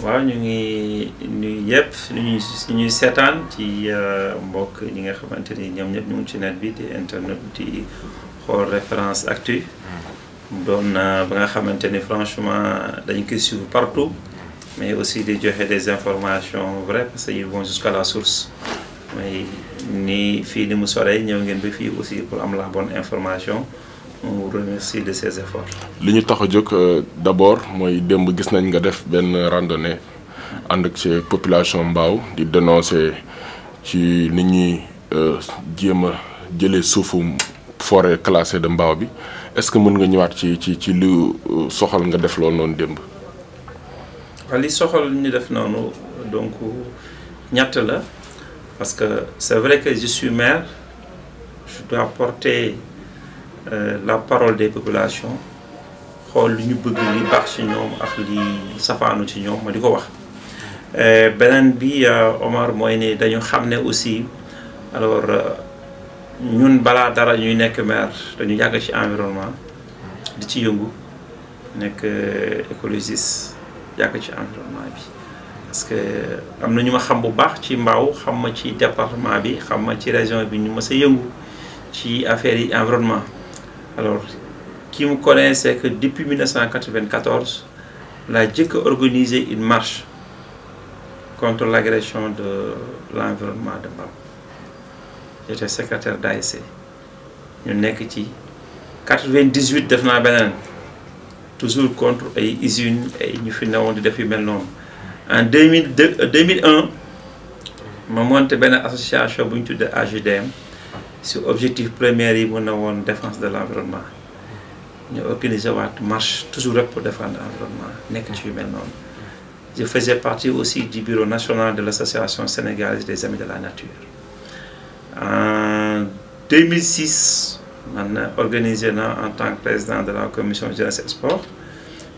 waaw ñu ngi nuyu yëpp ñu ñuy ñu ñuy seetaan ci euh, mbokk ñi nga xamante ni ñoom ñëpp ñu ci net bi di internet di xool référence actu mm-hmm. doon na ba nga xamante ni franchement dañu koy suivre partout mais aussi di joxe des informations vraies parce que ils vont jusqu'à la source mais ni fii ni mu soree ñëw ngeen bi fii aussi pour am la bonne information on vous remercie de ces li ñu tax a jóg euh, d' abord mooy démb gis nañ nga def benn randonnée ànd ak ci population Mbao di dénoncer ci ni ñuy euh, jéem a jëlee suufu forêt classée de Mbao bi est-ce que mën nga ñëwaat ci ci ci lu euh, soxal nga def loolu noonu démb. waaw li soxal ñu def noonu donc ñett la parce que c'est vrai que je suis maire je dois porter. Euh, la parole des population xool lu ñu bëgg li baax ci ñoom ak li safaanu ci ñoom ma di ko wax euh, beneen bi euh, Omar mooy nii dañu xam ne aussi alors ñun balaa dara ñuy nekk maire dañu yàgg ci environnement di ci yëngu nekk écologiste yàgg ci environnement bi parce que am na ñu ma xam bu baax ci mbaaw xam ma ci département bi xam ma ci région bi ñu ma sa yëngu ci affaire yi environnement alors qui me connaît c'est que depuis 1994 laa jëkk organiser une marche contre l'agression de l'environnement de Mbam j'étais secrétaire d'ASC ñu nekk ci 98 def naa beneen toujours contre ay usines ay ñu fi newoon di def yu mel noonu en 2002 2001 euh, ma monté benn association bu ñu tuddee AJDM si objectif première yi mun na woon défense de l' environnement ñu organiser waat marche toujours rek pour défendre environnement nekk ci yu mel noonu je faisais partie aussi du bureau national de l' association sénégalaise des amis de la nature en 2006 man organisé na en tant que président de la commission jeunesse et sport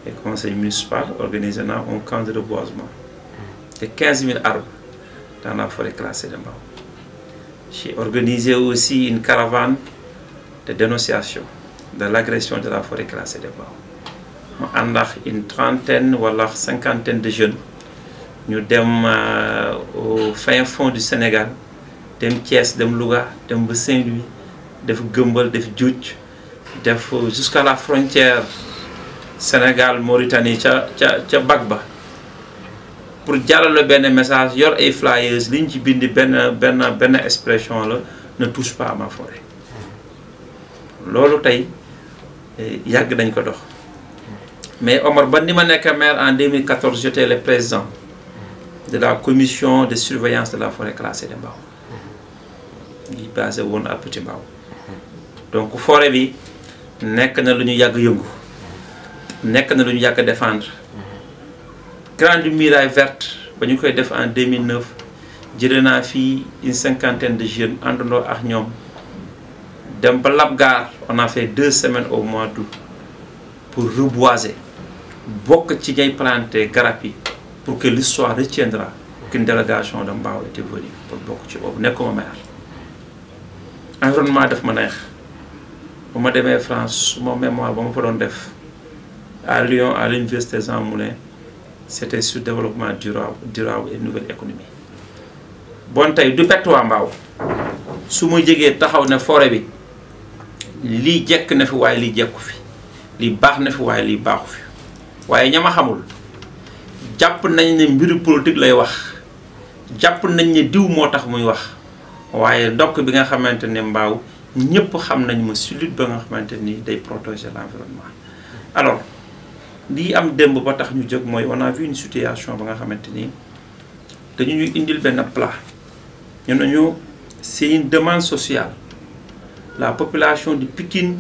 et conseil municipal organisé na un camp de reboisement de 15 000 arbres dans la forêt classée de ci organisé aussi une caravane de dénonciation de l'agression de la forêt classée des Mbao mu ànd ak une trentaine wala cinquantaine de jeunes ñu dem euh, au fin fond du Sénégal dem Thiès dem Louga dem ba Saint-Louis def Gëmbal def Djoudj def jusqu'à la frontière Sénégal Mauritanie ca ca ca ba pour jàllale benn message yor ay flyers li ñu ci bind benn benn benn expression la ne touche pas à ma loolu tey eh, yàgg dañ ko dox mais Omar ba ni ma nekk maire en 2014 j'étais le président de la commission de surveillance de la forêt classée de Mbao yi basé woon à Petit donc forêt bi nekk na lu ñu yàgg yëngu nekk na lu ñu yàgg défendre grande muraille verte ba ñu koy def en 2009 jëlee naa fii une cinquantaine de jeunes àndandoo ak ñoom dem ba Labgar on a fait deux semaines au mois d'août pour reboiser bokk ci ngay planter garab yi pour que l'histoire retiendra qu'une délégation de Mbao était venue pour bokk ci boobu nekkuma maire environnement daf ma neex ba ma demee France suma mémoire ba ma fa doon def à Lyon à l'université Jean Moulin c'était sur développement durable durable et nouvelle économie bon tey du pett waa mbaaw su ma jegee taxaw ne forêt bi lii jekk na fi waaye lii jekku fi lii baax na fi waaye lii baaxu fi waaye ñama xamul jàpp nañ ne mbiru politique lay wax jàpp nañ ne diw moo tax muy wax waaye dokk bi nga xamante ne mbaaw ñëpp xam nañ ma si lutte ba nga xamante nii day protéger l'environnement alors lii am démb ba tax ñu jóg mooy on a vu une situation ba nga xamante ni dañu ñu indil benn plat ñu ne ñu c'est une demande sociale la population de Pikine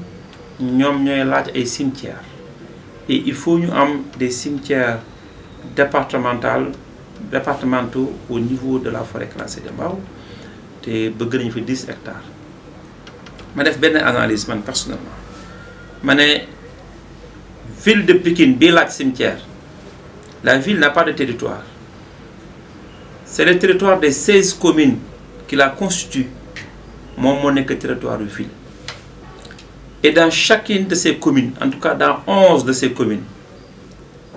ñoom ñooy laaj ay cimetières il faut ñu am des cimetières départementales départementaux au niveau de la forêt classée de Mbao te bëgg nañu fi 10 hectares ma def benn analyse man personnellement ma ne. ville de Pikine bii laaj cimetière la ville n'a pas de territoire c'est le territoire des seize communes qui la constitu moom moo nekk territoire de ville et dans chacune de ces commune en tout cas dans onze de ces communes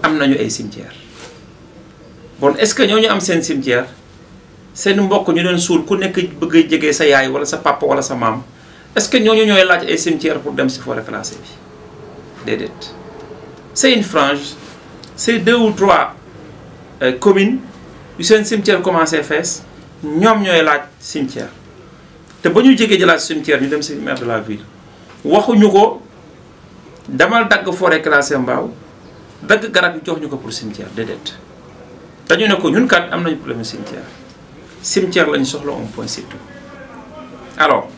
am nañu ay cimetière bon est-ce que ñooñu am seen cimetière seen mbokk ñu doon suul ku nekk bëgg a jege sa yaay wala sa papa wala sa maam est-ce que ñooñu ñooy laaj ay cimetière pour dem si forêt classée bi c'est une frange c'est deux ou trois euh, commune yu seen cimetière commencé fees ñoom ñooy laaj cimetière te ba ñu jegee jëlaat cimetière ñu dem ci maire de la ville waxuñu ko damal dagg forêt classée mbaaw dagg garab yi jox ñu ko pour cimetière déedéet dañu ne ko ñun kat am nañu problème cimetière cimetière lañu soxla un point surtout alors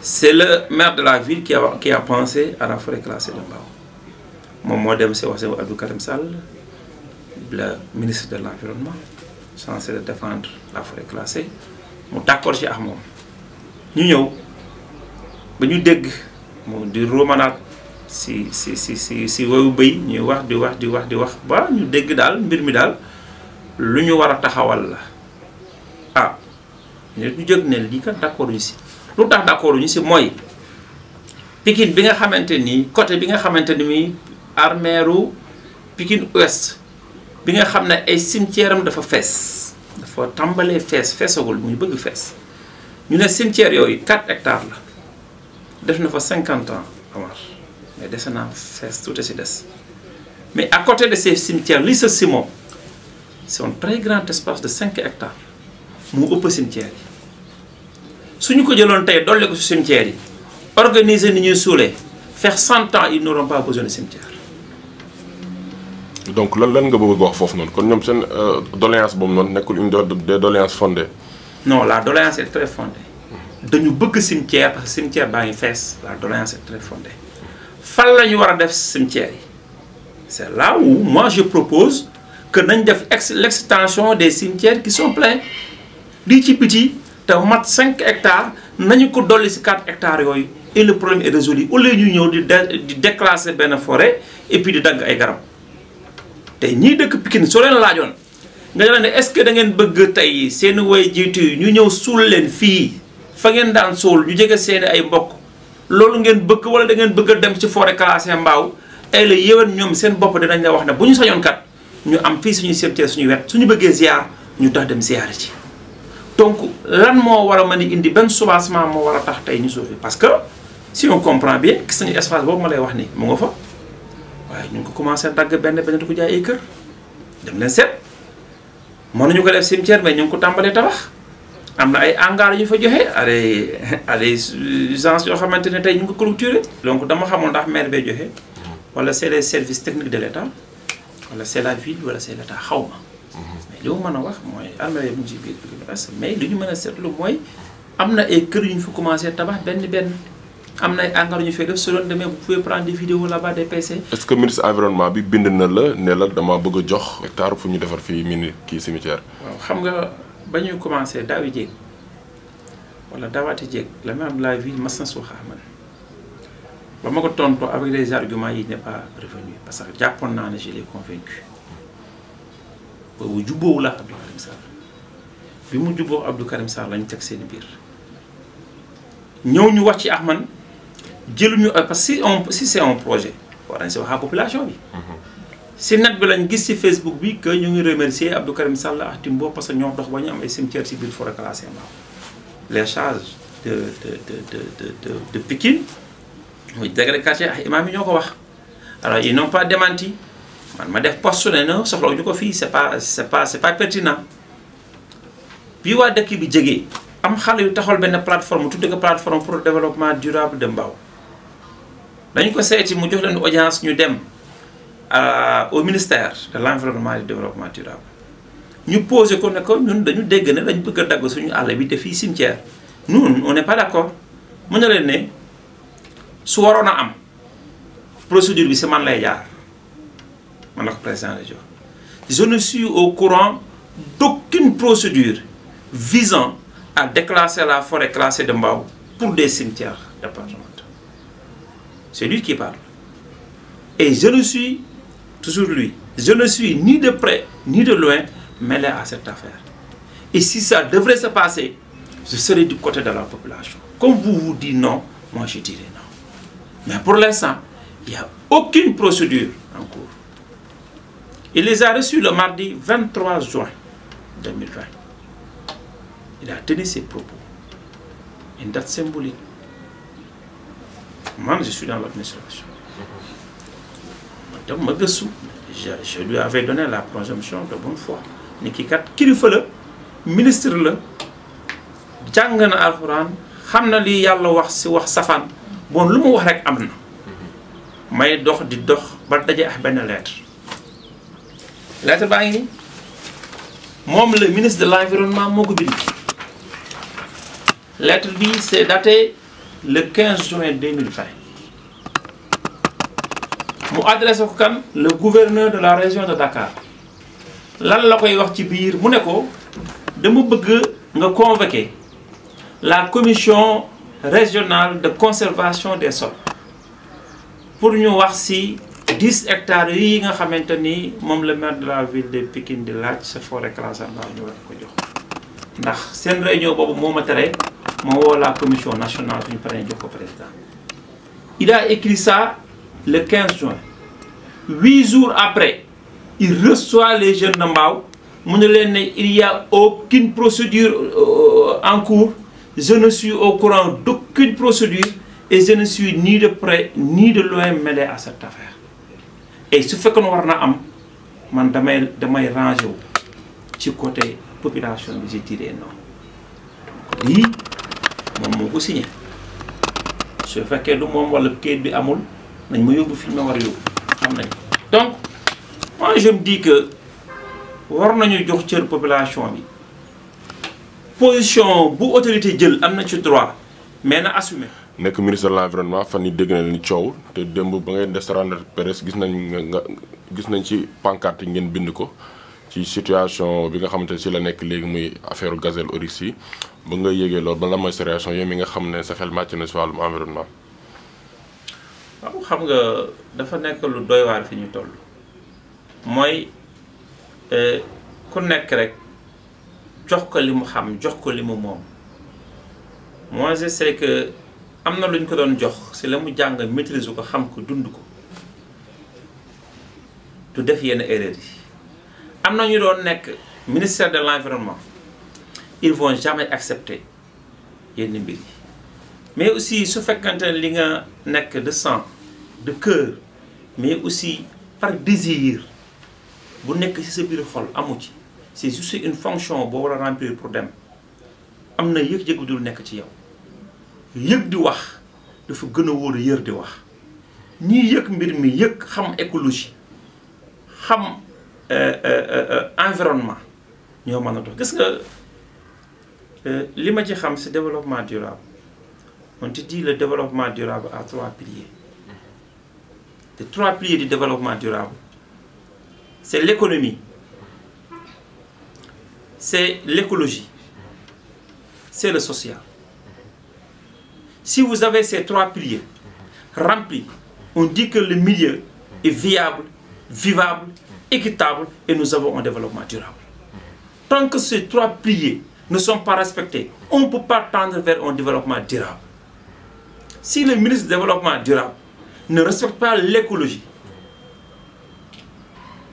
c'est le maire de la ville qui a qui a pensé à la forêt classée de Mbao moom moo dem si wax si Abdou Karim la ministre de l' environnement censé de defendre la forêt classée mu d' accord ci ak moom ñu ñëw ba ñu dégg moom di romanaat si si si si si bëy ñuy wax di wax di wax di wax ba ñu dégg daal mbir mi daal lu ñu war a taxawal la ah ñu jóg ne lii kat d' ñu si lu tax d' ñu si mooy Pikine bi nga xamante ni côté bi nga xamante ni armeeru Pikine Ouest bi nga xam ne ay cimetière am dafa fees dafa tàmbalee fees feesagul muy bëgg fees ñu ne cimetière yooyu 4 hectares la def na fa 50 ans Amar mais dese naa fees tuuti si des mais à côté de ces cimetières li sa Simon c'est un très grand espace de 5 hectares mu ëpp cimetière yi su ñu ko jëloon tey dolli ko si cimetière yi organiser ni ñuy suulee feex 100 ans ils n'auront pas besoin de donc lan lan nga bëgg wax foofu noonu kon ñoom seen euh, doléance boobu noonu nekkul une des doléances fondées. non la doléance est très fondée dañu bëgg cimetière parce que cimetière baa ngi fees la doléance est très fondée fan la ñu war a def cimetière yi c' est là où moi je propose que nañ def ex l' extension des cimetières qui sont pleins lii ci biti te mat cinq hectares nañu ko dolli si 4 hectares yooyu et le problème est résolu au lieu ñëw di di déclasser benn forêt et puis ay garab. te ñii dëkk pikin soo leen laajoon nga leen ne est-ce que da bëgg tey seen way jiitu yi ñu ñëw suul leen fii fa ngeen daan suul ñu jege seen ay mbokk loolu ngeen bëgg wala da ngeen bëgg dem ci forêt classée mbaaw ay la yéwén ñoom seen bopp dinañ la wax ne bu ñu sañoon kat ñu am fii suñuy cimetière suñu wet suñu bëggee ziar ñu tax dem ziar ci donc lan moo war a mën a indi benn soubassement moo war a tax tey ñu suuf parce que si on comprend bien gis nañu lay wax ni mu nga fa waaye ñu ngi ko commencé dagg benn benn di ko jaay ay kër dem leen seet mënuñu ko def cimetière mais ñu ngi ko tàmbalee tabax am na ay hangar yu fa joxe ay ay usines yoo xamante ne tey ñu ko clôturé donc dama xamul ndax maire bay joxe wala c'est les services techniques de l'État wala c'est la ville wala c'est l'État xaw ma mais li ma mën a wax mooy armée mu bi ci biir mais li ñu mën a seetlu mooy am na ay kër yu ñu fa commencé tabax benn benn. am na ay engrais ñu fay def su doon demee vous pouvez prendre des vidéos là-bas des PC. est-ce que ministre environnement bi bind na la ne la dama bëgg a jox hectare fu ñu defar fii mini kii cimetière. waaw xam nga ba ñuy commencé daawi jéeg wala daawaati jéeg la même la ville mas na ba ma ko tontoo avec des arguments yi n'est pas revenu parce que jàppoon naa ne je l'ai convaincu jubboowu la Abdou Karim Sall bi mu jubboo Abdou Karim Sall lañu teg seen biir ñëw ñu wax ci ak man jëluñu euh, parce que si on si c'est un projet war nañ si wax population bi. Mhm. si net bi lañ gis si Facebook bi que ñu ngi remercier Abdou Karim Sall ak Timbo parce que ñoo dox ba ñu am ay cimetière si biir forêt classée Mbao les charges de de de de de de muy dégré quartier ak imaam yi ñoo ko wax alors ils n'ont pas démenti man ma def poste ne na soxlawuñu ko fii c'est pas c'est pas c'est pas pertinent bi waa dëkk bi jege am xale yu taxawal benn plateforme tudde ko plateforme pour le développement durable de dañu ko seeti mu jox leen audience ñu dem euh, au ministère de l' environnement et du développement ñu posé ko ne ko ñun dañu dégg ne dañ bëgg a dagg suñu àll bi te fii cimetière ñun on n'est pas d' accord mu ne leen ne su waroon a am procédure bi si man lay jaar man la ko président la jox je au courant d'aucune procédure visant à déclasser la fore classée de Mbao pour des cimetières départementaux C'est lui qui parle. Et je ne suis, toujours lui, je ne suis ni de près ni de loin mêlé à cette affaire. Et si ça devrait se passer, je serai du côté de la population. Comme vous vous dites non, moi je dirai non. Mais pour l'instant, il n'y a aucune procédure en Il les a reçus le mardi 23 juin 2020. Il a tenu ses propos. Une date symbolique moi je suis dans l'administration. ma gëstu je je lui avais donné la présomption de bonne foi ni kii kat kilifa la ministre la jàng na alxuraan xam na li yàlla wax si wax safaan bon lu mu wax rek am na. may dox di dox ba daje ak benn lettre lettre baa ngi nii moom le ministre de l' environnement moo ko bind lettre bi c' est le 15 juin 2020 mu adressé ko kan le gouverneur de la région de Dakar lan la koy wax ci biir mu ne ko dama bëgg nga convoquer la commission régionale de conservation des sols pour ñu wax si 10 hectares yi nga xamante ni moom le maire de la ville de Pikine di laaj sa forêt classée ñu war ko jox ndax seen réunion boobu moo ma tere ma woo la commission nationale suñu paree jox ko président il a écrit ça le 15 juin huit jours après il reçoit les jeunes de Mbao mu ne leen ne il y a aucune procédure euh, en cours je ne suis au courant d'aucune procédure et je ne suis ni de près ni de loin mêlé à cette affaire et su fekkoon war na am man damay damay rangé wu ci côté population bi je dirais non lii moom moo ko signé su fekkee du moom wala kayit bi amul nañ mu yóbbu fi ma war a yóbbu xam nañ donc moi je di dis que war nañu jox cër population bi position bu autorité jël am na ci droit mais na assumer. nekk ministre de l' environnement fan yii dégg na leen coow te démb ba ngeen des rendre gis nañ nga gis nañ ci pancarte ngeen bind ko. ci situation bi nga xamante ne si la nekk léegi muy affaire gazelle oryx yi ba nga yëgee loolu ba la mooy sa réaction mi nga xam ne sa xel màcc na si wàllum environnement. waaw xam nga dafa nekk lu doy waar fi ñu toll mooy eh, ku nekk rek jox ko li mu xam jox ko li mu moom mois je sais am na lu ñu ko doon jox si la mu jàng maîtriser ko xam ko dund ko du def yenn erreur am na ñu doon nekk ministère de l'environnement ils vont jamais accepter yenn mbir yi mais aussi su fekkante li nga nekk de sang de cœur mais aussi par désir bu nekk ci sa biir xol amu ci si su juste une fonction boo war a remplir pour dem am na yëg-yëg bu dul nekk ci yow yëg di wax dafa gën a wóor yër di wax ñiy yëg mbir mi yëg xam écologie xam. Euh, euh, euh, environnement ñoo mën a dox gis nga li ma ci xam si développement durable on te dit le développement durable à trois piliers les trois piliers du développement durable c'est l'économie c'est l'écologie c'est le social si vous avez ces trois piliers remplis on dit que le milieu est viable vivable équitable et nous avons un développement durable. Tant que ces trois piliers ne sont pas respectés, on ne peut pas tendre vers un développement durable. Si les ministre développement durable ne respecte pas l'écologie,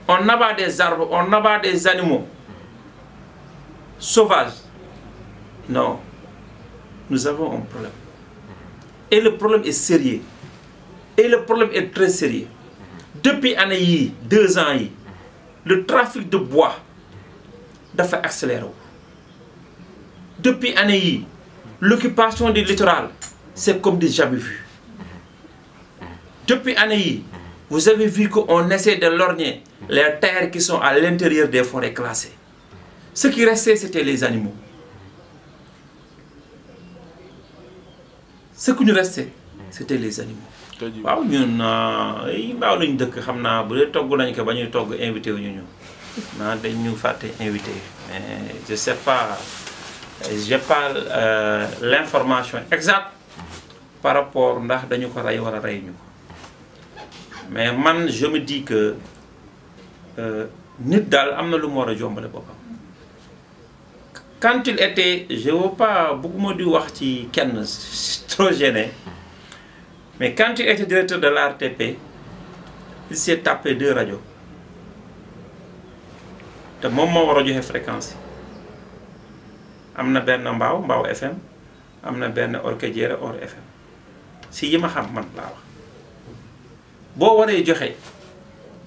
on abat des arbres, on abat des animaux sauvages. Non, nous avons un problème. Et le problème est sérieux. Et le problème est très sérieux. Depuis année deux ans, le trafic de bois dafa accéléré wu depuis année yi l'occupation des littoral c'est comme du jamais vu depuis années yi vous avez vu qu'on essaie de lorgner les terres qui sont à l'intérieur des forêts classées ce qui restait c'était les animaux ce qui nous restait c'était les animaux waaw ñun ah, yi mbaaw lañ dëkk xam naa bu dee togg nañ ko ba ñuy togg invité wu ñu ñu naa dañ ñu fàtte invité mais je sais pas j'ai pas euh, l' information exacte par rapport ndax dañu ko rey wala rey ñu ko mais man je me dis que euh, nit daal am na lu mu war a jombale boppam quand il je veux pas bëgguma di wax ci kenn trop Mais quand il directeur de l'ARTP, il s'est tapé deux radios. te moom moo war a joxe fréquence am na benn mbaaw mbaaw FM am na benn Orkadiéré Or FM si yi ma xam man laa wax boo waree joxe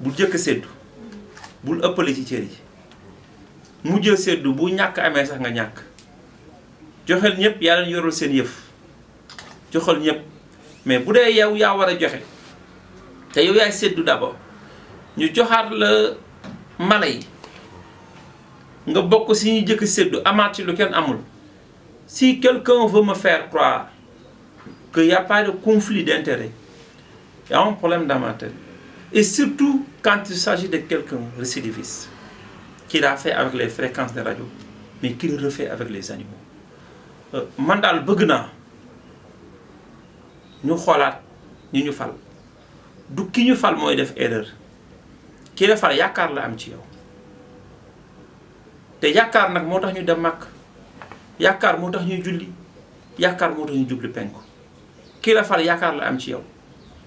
bul jëkk séddu bul ëppale ci cër yi mu jël séddu bu ñàkk amee sax nga ñàkk joxel ñëpp yàlla yorul seen yëf joxal ñëpp mais bu dee yow yaa war a joxe te yow yaay séddu d'abord ñu joxaat la mala yi nga bokk si ñu jëkk séddu amaat ci lu kenn amul si quelque veut me croire que y a pas de conflit d'intérêt y a un problème dans ma tête et surtout quand il s'agit de quelqu'un récidiviste qui l'a fait avec les fréquences de radio mais qui le refait avec les animaux euh, man daal bëgg naa ñu xoolaat ñu ñu fal du ki ñu fal mooy def erreur ki la fal yaakaar la am ci yow te yaakaar nag moo tax ñu dem màkk yaakaar moo tax ñuy julli yaakaar moo tax ñu jubli penku ki la fal yaakaar la am ci yow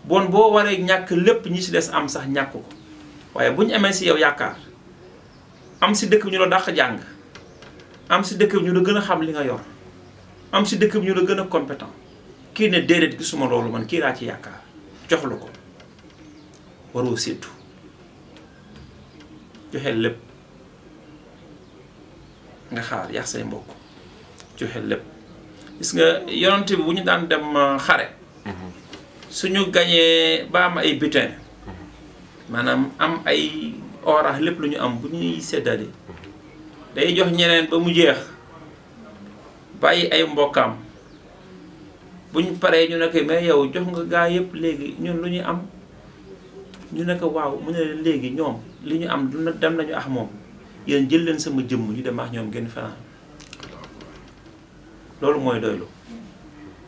bon boo waree ñàkk lépp ñi si des am sax ñàkk ko waaye buñ amee si yow yaakaar am si dëkk bi ñu la dàq jàng am si dëkk bi ñu la gën a xam li nga yor am si dëkk bi ñu la gën a compétent kii ne déedéet gisuma loolu man kii laa ci yaakaar jox la ko waroo séddu joxe lépp nga xaar yax say mbokk joxe lépp gis nga yonante bi bu ñu daan dem euh, xare mhm. suñu gañee ba am ay butin mhm. maanaam am ay orax lépp lu ñu am bu ñuy séddale mhm. day jox ñeneen ba mu jeex bàyyi ay mbokkaam buñ paree ñu ne ko mais yow jox nga gaa yëpp léegi ñun lu ñuy am ñu ne ko waaw mu ne leen léegi ñoom li ñu am du dem nañu ax moom yéen jël leen sama jëmm ñu dem ax ñoom gën fanaan loolu mooy doylu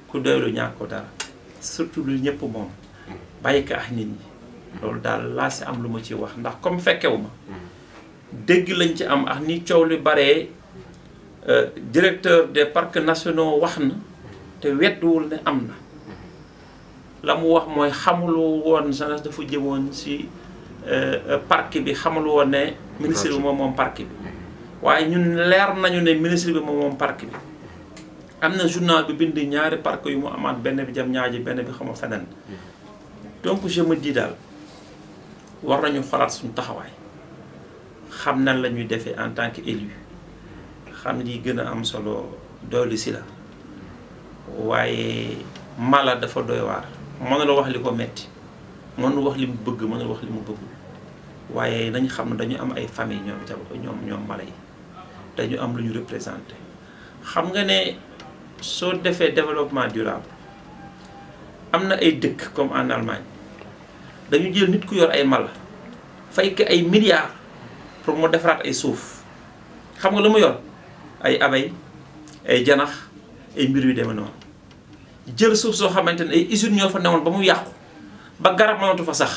ku doylu ñàkk ko dara surtout lu ñëpp moom bàyyi ko ak nit ñi loolu daal laa si am lu ma ci wax ndax comme fekkewu ma dégg lañ ci am ax ni coow li baree euh, directeur des parcs nationaux wax na te wedduwul ne am na la mu wax mooy xamuloo woon sax dafa jëmoon si euh, euh, parc bi xamul woon ne ministre bi moom moom parc bi waaye ñun leer nañu ne ministre bi moom moom parc bi am na journal bi bind ñaari parc yu mu amaat benn bi jam ñaaji benn bi xama feneen donc je me daal war nañu xalaat suñu taxawaay xam na lañuy ñuy defee en tant que élu xam li gën a am solo dooli si la waaye mala dafa doy waar la wax li ko metti nu wax li mu bëgg mënul wax li mu bëggul waaye nañu xam ne dañu am ay famille ñoom jab ñoom ñoom mala yi dañu am lu ñu représenté xam nga ne soo defee développement durable am na ay dëkk comme en Allemagne dañu jël nit ku yor ay mala fay ko ay milliards pour mu defaraat ay suuf xam nga lu mu yor ay abay ay janax ay mbir yu demee noonu jël suuf soo xamante ne ay usines ñoo fa newoon ba mu yàqu ba garab mënatu fa sax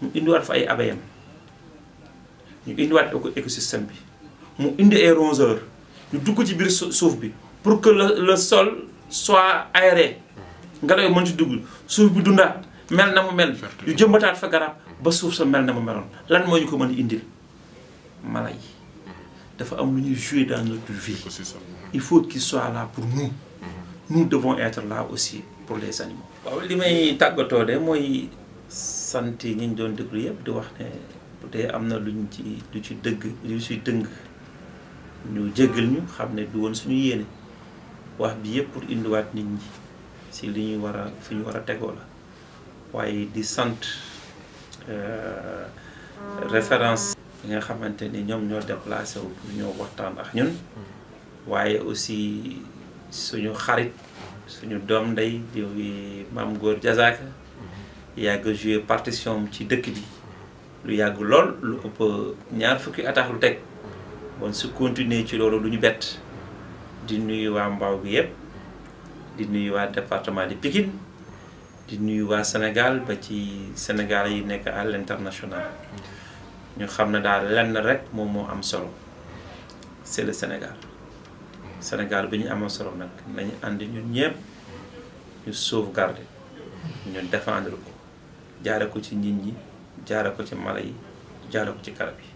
mu indiwaat fa ay abayam ñu indiwaat ko écosystème bi mu indi ay rongeurs ñu dugg ci biir suuf bi pour que la la sol soit aéré ngelaw yi mën ci dugg suuf bi dundaat mel na mu mel ñu jëmbataat fa garab ba suuf sa mel na mu meloon lan moo ñu ko mën indil mala yi dafa am lu ñuy jouer dans notre vie il faut qu'il soit la pour nous mm-hmm. nous devons être là aussi pour les animaux waaw li may tàggatoo de mooy sant ñi ñu doon déglu yëpp di wax ne bu dee am na lu ñu ci lu ci dëgg lu ci dëng ñu jéggal ñu xam ne du woon suñu yéene wax bi yëpp pour indiwaat nit ñi si li ñuy war a fi ñu war a tegoo la waaye di sant euh, référence nga xamante ni ñoom ñoo déplacé wu ñoo waxtaan ak ñun waaye aussi suñu xarit suñu doom ndey di maam góor jazaaka yàgg joué partition ci dëkk bi lu yàgg lool lu ëpp ñaar fukki atax lu teg bon su continuer ci loolu lu ñu bett di nuyu waa mbaaw gi yëpp di nuyu waa département de Pikine di nuyu waa Sénégal ba ci Sénégal yi nekk à l'international ñu xam ne daal lenn rek moom moo am solo c'est le Sénégal Sénégal bi ñu amoon solo nag nañu àndi ñun ñëpp ñu sauvegarder ñu défendre ko jaare ko ci nit ñi jaare ko ci mala yi jaare ko ci garab yi